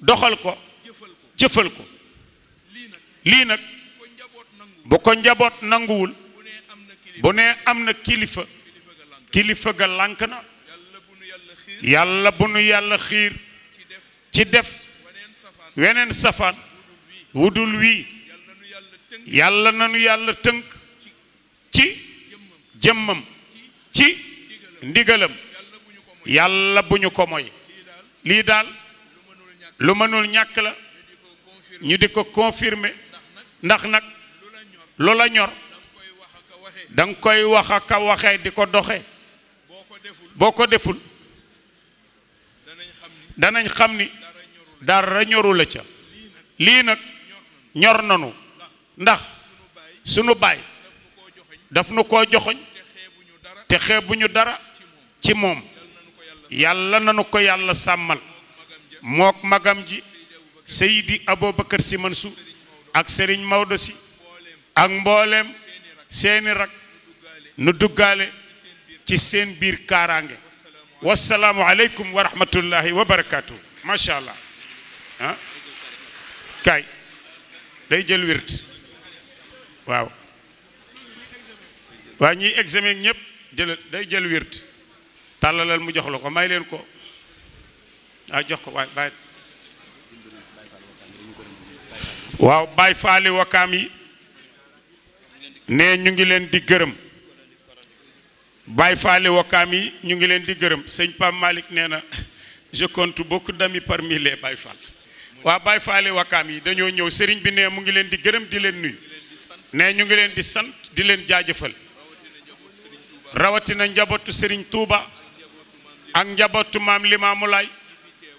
doxal ko jëfal ko lii nag bu ko njaboot nanguwul bu nee am na kilifa kilifa ga lànk na yàlla bu nu yàlla xiir ci def weneen safaan wudul wii yàlla nanu yàlla tënk ci jëmmam ci ndigalam yàlla bu ñu ko moy lii daal lu mënul ñàkk la ñu di ko confirmer ndax nag loola ñor danga koy wax ak a waxee di ko doxee boo ko deful danañ xam ni dara ñoru la ca lii nag ñor nanu ndax sunu baay daf nu koo joxoñ te xeebuñu dara ci moom yàlla nanu ko yàlla sàmmal mook magam ji Seydi Aboubacar Sy Mansour ak Serigne Maodo Sy ak mbooleem seeni rak nu duggaale ci seen biir kaaraange wasalaamu aleykum wa rahmatullahi wa barakaatu macha allah ah day jël wird waaw waa ñiy examen ñépp jël day jël wird tàllalal mu jox la ko may leen ko waaw ah, jox ko waay bàyyi Baay Faali Wakaam yi ne ñu ngi leen di gërëm Baay Faali Wakaam yi ñu ngi leen di gërëm sëñ Pape malik nee na je compte beaucoup d'amis parmi les Baay Faal waa Baay Faali Wakaam yi dañoo ñëw sëriñ bi ne mu ngi leen di gërëm di leen nuyu ne ñu ngi leen di sant di leen jaajëfal rawatina njabootu sëriñ Touba ak njabootu maam Limaamu Laay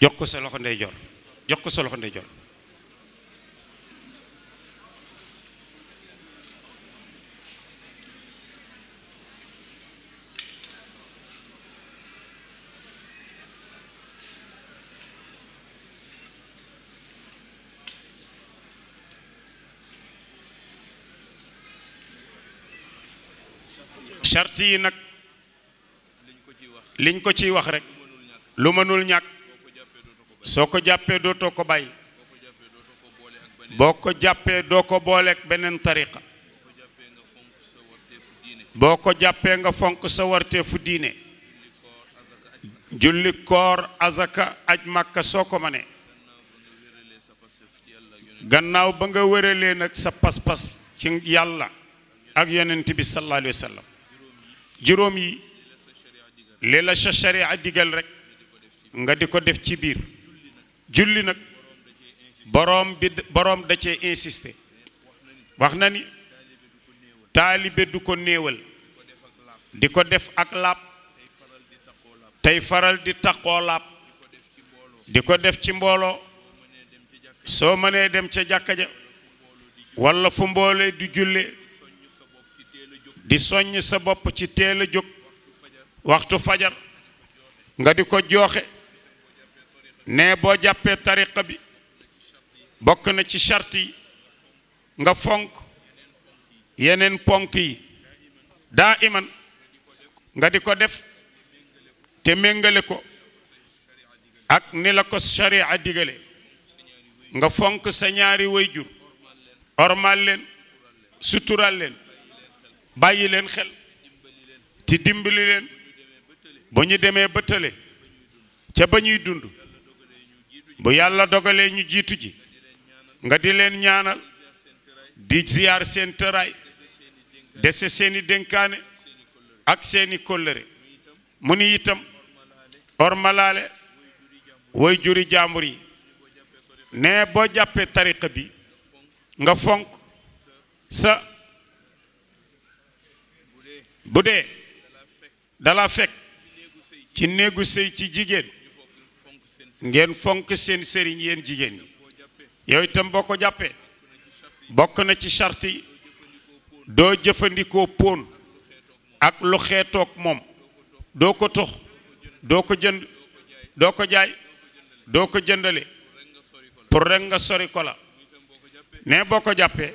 jox ko sa loxo ndeyjoor jox ko sa loxo ndeyjoor charte yi nag liñ ko ci wax rek lu mënul ñak soo ko jàppee dootoo ko bàyyi boo ko jàppee doo ko booleeg beneen tariqa boo ko jàppee nga fonk sa warteefu diine julli koor azaka aj màkka soo ko mënee gannaaw ba nga wéralee nag sa pas-pas ci yàlla ak yonent bi sallallahu alayhi wa sallam juróom yi li la sa sharia digal rek nga di ko def ci biir julli nag boroom bi boroom da cee insister wax na ni taalibe du ko néewal di ko def ak làpp tey faral di takkoo laab di ko def ci mbooloo soo mënee dem ca jàkka ja walla fu mboolee di julle di soññ sa bopp ci teel a jóg waxtu fajar nga di ko jooxe ne boo jàppee tariqa bi bokk na ci charte yi nga fonk yeneen ponk yi daa iman nga di ko def te méngale ko ak ni la ko sharia digale nga fonk sa ñaari wayjur ormal leen sutural leen bàyyi leen xel te dimbali leen bu ñu demee ba tële ca ba ñuy dund bu yàlla dogalee ñu jiitu ji nga di leen ñaanal di ziyaar seen tëraay dese seeni dénkaane ak seeni kóllëre mu ni itam ormalaale way juri jaambur yi ne boo jàppee tariqa bi nga fonk sa bu dee dala fekk ci néegu sëy ci jigéen ngeen fonk seen sëriñ yéen jigéen ñi yow itam boo ko jàppee bokk na ci charte yi doo jëfandikoo poon ak lu xeetoog moom doo ko tox doo ko jënd doo ko jaay doo ko jëndale pour rek nga sori ko la boo ko jàppee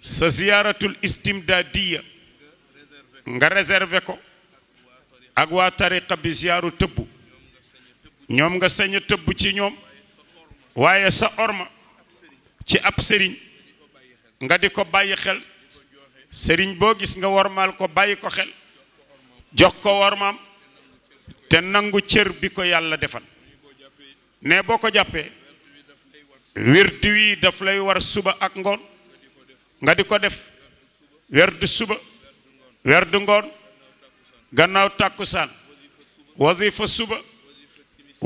sa ziyaaratul istimdaadiya nga réservé ko ak waa tariqa bi ziyaaru tëbbu Nyom nga sañ a nyom, ci ñoom waaye sa orma ci ab sëriñ nga di ko bàyyi xel sëriñ boo gis nga wormaal ko bàyyi ko xel jox ko wormaam te nangu cër bi ko defal ne boo ko jàppee wi daf lay war suba ak ngon nga ko def werdu suba werdu ngoon gannaaw takusan, wasifa suba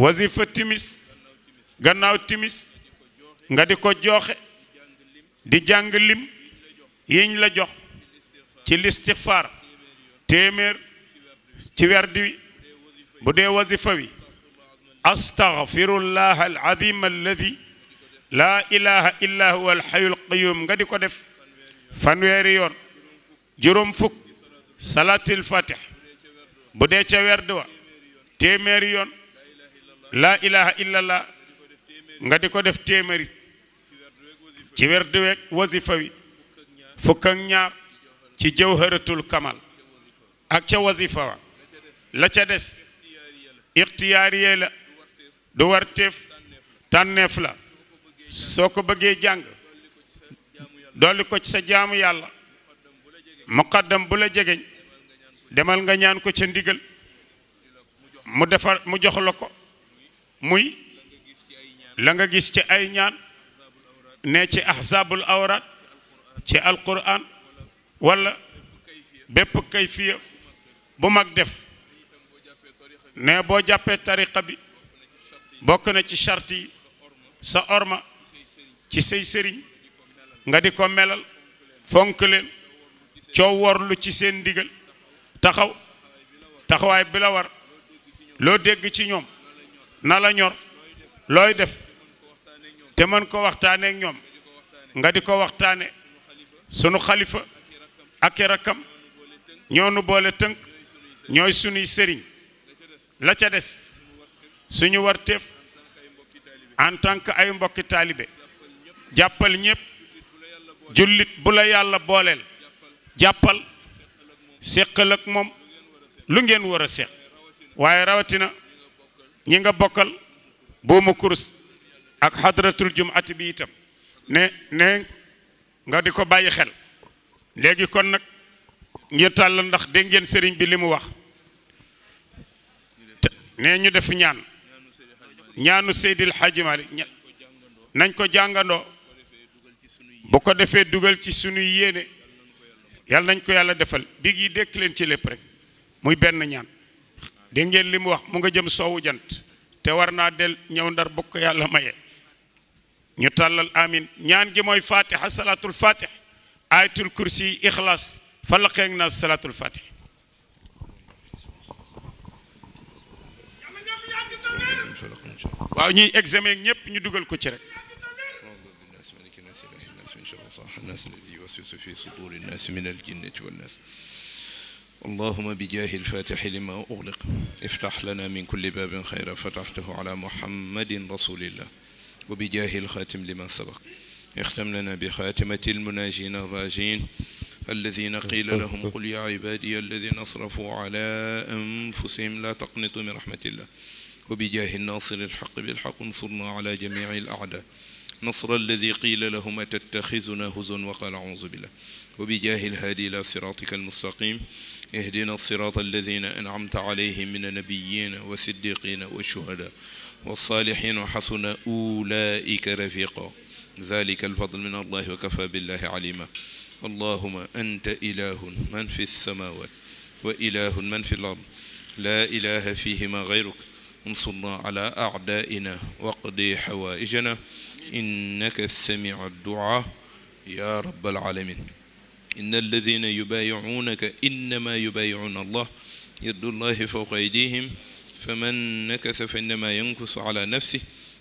wasifa timis gannaaw timis nga di ko joxe di jàng lim yiñ la jox ci listixfaar téeméer ci werdi wi bu wi astaghfirullah alazim alladi laa ilaha illa huwa alxayu alqayum nga di ko def fanweeri yoon juróom fukk salaatil fatih bu dee ca wa téeméeri yoon laa ilaha illallah nga di ko def téeméeri ci werdu wasifa wi fukk ak ñaar ci jawharatul kamal ak ca wasifa wa la ca des ixtiyaariye du warteef tànneef la soo ko bëggee jàng dolli ko ci jaamu yàlla muqaddam bu la jegeñ demal nga ñaan ko ca ndigal mu defar mu jox la ko muy la nga gis ci ay ñaan ne ci ahzabul awraat ci alquran wala bépp kayfiya bu mag def ne boo jàppee tariqa bi bokk na ci charte yi sa orma ci sëy sëriñ nga di ko melal fonk coow warlu ci seen ndigal taxaw taxawaay bi war loo dégg ci ñoom na la ñor looy def te mën ko waxtaanee ñoom nga di ko waxtaane sunu xalifa ak i rakkam ñoo nu boole tënk ñooy sunuy sëriñ la ca des suñu warteef en tant que ay mbokki taalibe jàppal ñépp jullit bu la yàlla booleel jàppal séqal ak moom lu ngeen war a séq waaye rawatina ñi nga bokkal buumu kurus ak xadratul jumaati bi itam ne ne nga di ko bàyyi xel léegi kon nag ngir tàll ndax dégg ngeen sëriñ bi li mu wax ne ñu def ñaan ñaanu Seydil Hadji nañ ko jàngandoo bu ko defee dugal ci suñu yéene yàlla nañ ko yàlla defal big yi dékk leen ci lépp rek muy benn ñaan dégg ngeen li mu wax mu nga jëm soowu jant te war naa del ñëw ndar bokk yàlla maye ñu tàllal amin ñaan gi mooy fatiha salaatul fatih ayatul kursi ixlaas falaqeeg naa salaatul fatih waaw ñuy examen ñëpp ñu dugal ko ci rek الناس من الجنة والناس اللهم بجاه الفاتح لما أغلق افتح لنا من كل باب خير فتحته على محمد رسول الله وبجاه الخاتم لما سبق اختم لنا بخاتمة المناجين الراجين الذين قيل لهم قل يا عبادي الذين أصرفوا على أنفسهم لا تقنطوا من رحمة الله وبجاه الناصر الحق بالحق انصرنا على جميع الأعداء نصر الذي قيل لهم أتتخذنا هزوا وقال أعوذ بالله وبجاه الهادي إلى صراطك المستقيم اهدنا الصراط الذين أنعمت عليهم من النبيين والصديقين والشهداء والصالحين وحسن أولئك رفيقا ذلك الفضل من الله وكفى بالله عليما اللهم أنت إله من في السماوات وإله من في الأرض لا إله فيهما غيرك انصرنا على أعدائنا واقضي حوائجنا إنك السميع الدعاء يا رب العالمين إن الذين يبايعونك إنما يبايعون الله يد الله فوق أيديهم فمن نكث فإنما ينكث على نفسه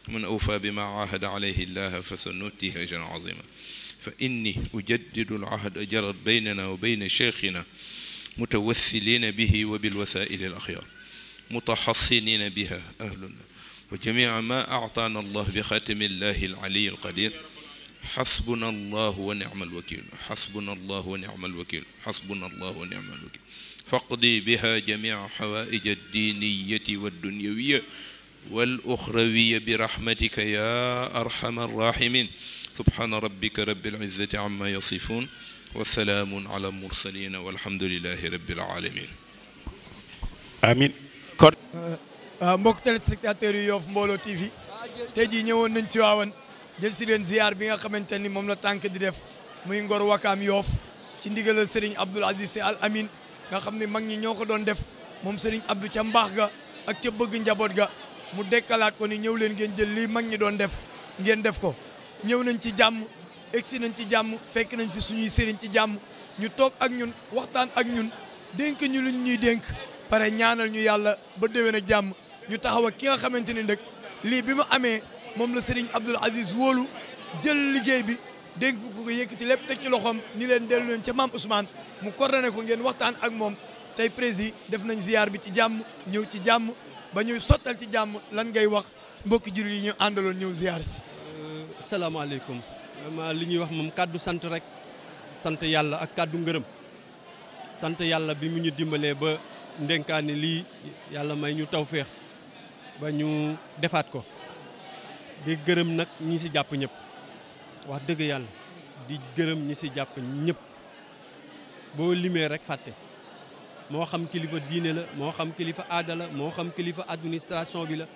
ومن أوفى بما عاهد عليه الله فسنؤتيه أجرا عظيما فإني أجدد العهد أجرت بيننا وبين شيخنا متوسلين به وبالوسائل الأخيار متحصنين بها أهلنا وجميع ما أعطانا الله بخاتم الله العلي القدير حسبنا الله ونعم الوكيل حسبنا الله ونعم الوكيل حسبنا الله ونعم الوكيل فاقضي بها جميع حوائج الدينية والدنيوية والأخروية برحمتك يا أرحم الراحمين سبحان ربك رب العزة عما يصفون وسلام على المرسلين والحمد لله رب العالمين آمين uh, uh, mbokk téléspectateurs yi مولو Mbollo TV tey jii ñëwoon nañ jël si leen ziar bi nga xamante ni moom la tànk di def muy ngor wakaam yoof ci ndigalal Serigne Abdoul Aziz si Al Amin nga xam ni mag ñi ñoo ko doon def moom Serigne Abdou ca mbaax ga ak ca bëgg njaboot ga mu dekkalaat ko ni ñëw leen ngeen jël lii mag ñi doon def ngeen def ko ñëw nañ ci jàmm egsi nañ ci jàmm fekk nañ fi suñuy sëriñ ci jàmm ñu toog ak ñun waxtaan ak ñun dénk ñu luñ ñuy dénk pare ñaanal ñu yàlla ba déwén a jàmm ñu taxaw ki nga xamante ni nag moom la Serigne Abdoul Aziz wóolu jël liggéey bi dénk ko ko yëkkati lépp teg ci loxoom ni leen dellu leen ca maam Ousmane mu coordonné ko ngeen waxtaan ak moom tey prési def nañ ziar bi ci jàmm ñëw ci jàmm ba ñuy sottal ci jàmm lan ngay wax mbokki jullit yi ñu àndaloon ñëw ziar si. Euh, salaamaaleykum vraiment li ñuy wax moom kàddu sant rek sant yàlla ak kàddu ngërëm sant yàlla bi mu ñu dimbalee ba ndenkaani lii yàlla may ñu tawféex ba ñu defaat ko. di gërëm nag ñi si jàpp ñëpp wax dëgg yàlla di gërëm ñi si jàpp ñëpp boo limee rek fàtte moo xam kilifa diine la moo xam kilifa aadala moo xam kilifa administration bi la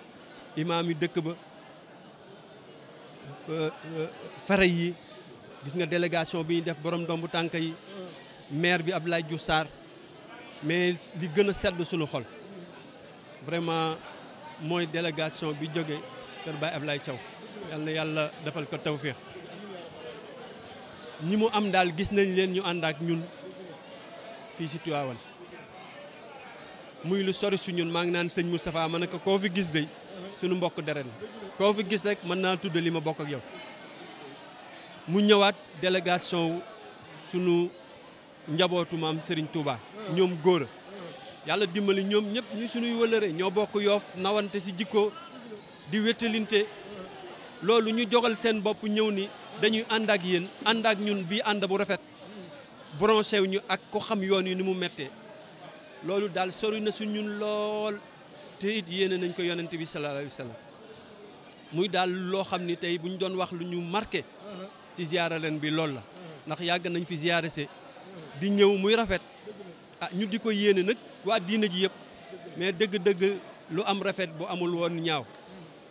imaam yi dëkk ba euh, euh, fere yi gis nga délégation bi ñu def borom dombu tànk yi maire bi Abdoulaye Diouf Sarr mais li gën a sedd suñu xol vraiment mooy délégation bi jóge kër Baye Ablaye Thiaw yal na yàlla defal ko tawféex ñi mu am daal gis nañ leen ñu ànd ak ñun fii si muy lu sori su maa ngi naan sëñ Moustapha ma ne ko koo fi gis de sunu mbokk deret la koo fi gis rek mën naa tudd li ma bokk ak yow mu ñëwaat délégation sunu njabootu maam Serigne Touba ñoom góor yàlla dimbali ñoom ñëpp ñu suñuy wëlëre ñoo bokk yoof nawante si jikko di wétalinte loolu ñu jogal seen bopp ñëw ni dañuy ànd ak yéen ànd ak ñun bii ànd bu rafet branché wu ñu ak ko xam yoon yi ni mu méttee loolu daal sori na su ñun lool te it yéene nañ ko yonent bi sallallahu alayhi wa muy daal loo xam ni tey bu ñu doon wax lu ñu marqué ci ziyaara leen bi loolu la ndax yàgg nañ fi ziyaare se di ñëw muy rafet ah ñu di ko yéene nag waa diina ji yëpp mais dëgg-dëgg lu am rafet bu amul woon ñaaw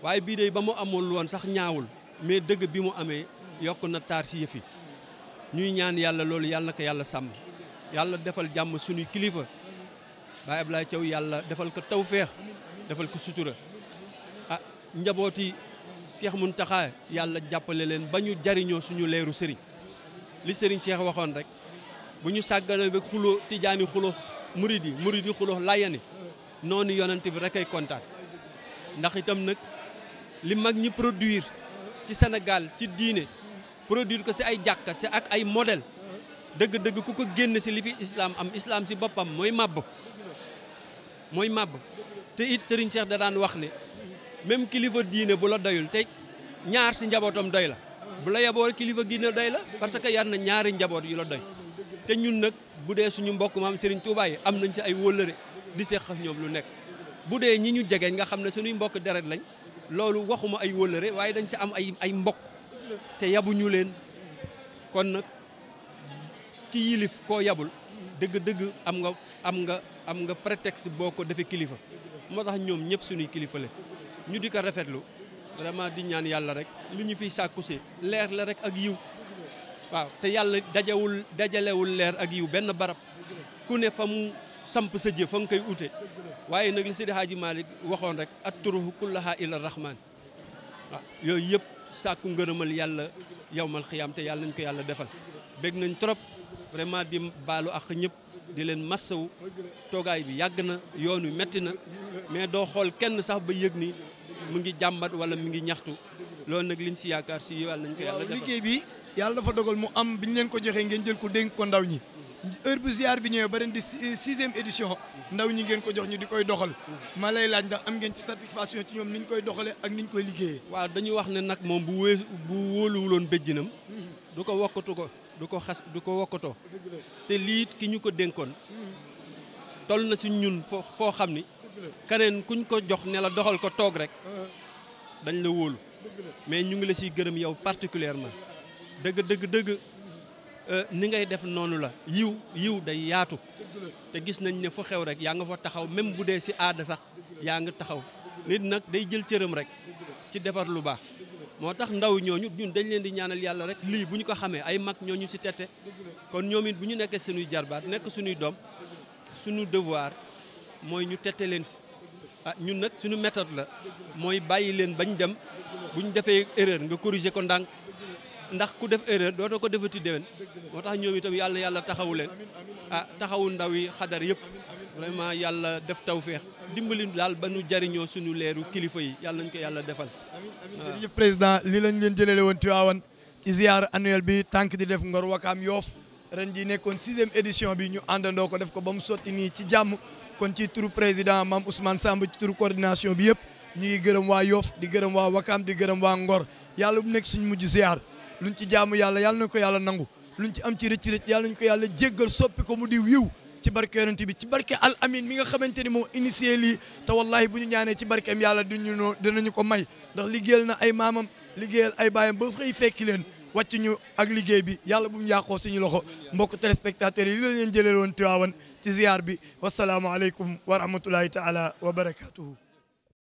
waaye bii day ba mu amul woon sax ñaawul mais dëgg bi mu amee yokk na taar ci yëfi ñuy ñaan yàlla loolu yàlla na ko yàlla sàmm yàlla defal jàmm suñuy kilifa Baye Ablaye Thiaw yàlla defal ko tawféex defal ko sutura ah njabooti Cheikh Mountakha yàlla jàppale leen ba ñu jariñoo suñu leeru sëriñ li sëriñ Cheikh waxoon rek bu ñu sàggane ba xuloo tijaani xuloo murid yi murid yi noonu yonent bi rek ay kontaan ndax itam nag li mag ñi produir ci Sénégal ci diine produire ko si ay jàkka si ak ay modèle dëgg-dëgg ku ko génn si li fi islam am islam si boppam mooy màbb mooy màbb te it Serigne Cheikh da daan wax ne même kilifa diine bu la doyul te ñaar si njabootam doy la bu la yeboo kilifa ne doy la parce que yar na ñaari njaboot yu la doy te ñun nag bu dee suñu mbokk maam Serigne Touba am nañ si ay wóllëre di seq ñoom lu nekk bu dee ñi ñu jege nga xam ne suñuy mbokk deret lañ loolu waxuma ay wëllëre waaye dañ si am ay ay mbokk te yabuñu leen kon nag ki yilif koo yabul dëgg-dëgg am nga am nga am nga prétexte boo ko defee kilifa moo tax ñoom ñëpp suñuy kilifa la ñu di ko rafetlu vraiment di ñaan yàlla rek li ñu fiy sàkku si leer la rek ak yiw waaw te yàlla dajawul dajalewul leer ak yiw benn barab ku ne fa mu samp sa jëf fa nga koy ute waaye nag li Seydi Hadji Malick waxoon rek at turuhu kullaha ila rahman waaw ah, yooyu yëpp sàkku ngërëmal yàlla yowmal xiyaam te yàlla nañ ko yàlla defal bég nañ trop vraiment di baalu ak ñëpp di leen massawu toogaay bi yàgg na yoon wi metti na mais doo xool kenn sax ba yëg ni mu ngi jàmbat wala mu ngi ñaxtu loolu nag li ñu si yaakaar si yàlla nañ ko yàlla defal liggéey bi yàlla dafa dogal mu am bi ñu leen ko joxee ngeen jël ko dénk ndaw ñi heure bu ziar bi ñëwee ba ren di euh, sixième édition ndaw ñi ngeen ko jox ñu di koy doxal ma lay laaj ndax am ngeen ci satisfaction ci ñoom ni koy doxalee ak ni ñu koy liggéeyee. waaw dañuy wax ne nag moom bu wées bu wóoluwuloon béjjinam du ko wokkatu ko du ko xas du ko wokkatoo te liit ki ñu ko dénkoon toll na si ñun foo foo xam ni keneen kuñ ko jox ne la doxal ko toog rek ah. dañ la wóolu mais ñu ngi la siy gërëm yow particulièrement dëgg dëgg dëgg Euh, ni ngay def noonu la yiw yiw day yaatu te gis nañ ne fu xew rek yaa nga fa taxaw même bu dee si aada sax yaa nga taxaw nit nag day jël cëram rek ci defar lu baax moo tax ndaw ñooñu ñun dañ leen di ñaanal yàlla rek lii bu ñu ko xamee ay mag ñooñu si tette kon ñoom bu ñu nekkee suñuy jarbaat nekk suñuy doom suñu devoir mooy ñu tette leen si ah, ñun nag suñu méthode la mooy bàyyi leen bañ dem bu ñu defee erreur nga corriger ko ndànk ndax ku def erreur dootoo ko defati déwén moo tax ñoom itam yàlla yàlla taxawu leen ah taxawu ndaw yi xadar yëpp vraiment yàlla def tawféex dimbali daal ba nu jariñoo suñu leeru kilifa yi yàlla nañ ko yàlla defal. jërëjëf président li lañ leen jëlale woon Tivaouane ci ziar annuel bi tànk di def ngor wakaam yoof ren ji nekkoon sixième édition bi ñu àndandoo ko def ko ba mu sotti nii ci jàmm kon ci turu président maam Ousmane Samb ci turu coordination bi yëpp ñu gërëm waa yoof di gërëm waa wakaam di gërëm waa ngor yàlla bu nekk suñu mujj ziar. luñ ci jaamu yàlla yàlla nañ ko yàlla nangu luñ ci am ci rëcc rëcc yàlla nañ ko yàlla jéggal soppi ko mu di wiw ci barke yonent bi ci barke al amin mi nga xamante ni moo initié lii te wallahi bu ñu ñaanee ci barkeem yàlla duñu noo dinañu ko may ndax liggéeyal na ay maamam liggéeyal ay baayam boo fay fekki leen wàcc ñu ak liggéey bi yàlla bu mu yàqoo suñu loxo mbokk téléspectateurs yi li la leen jëlee woon Tiwaawan ci ziar bi wasalaamualeykum wa rahmatullahi taala wa barakatuhu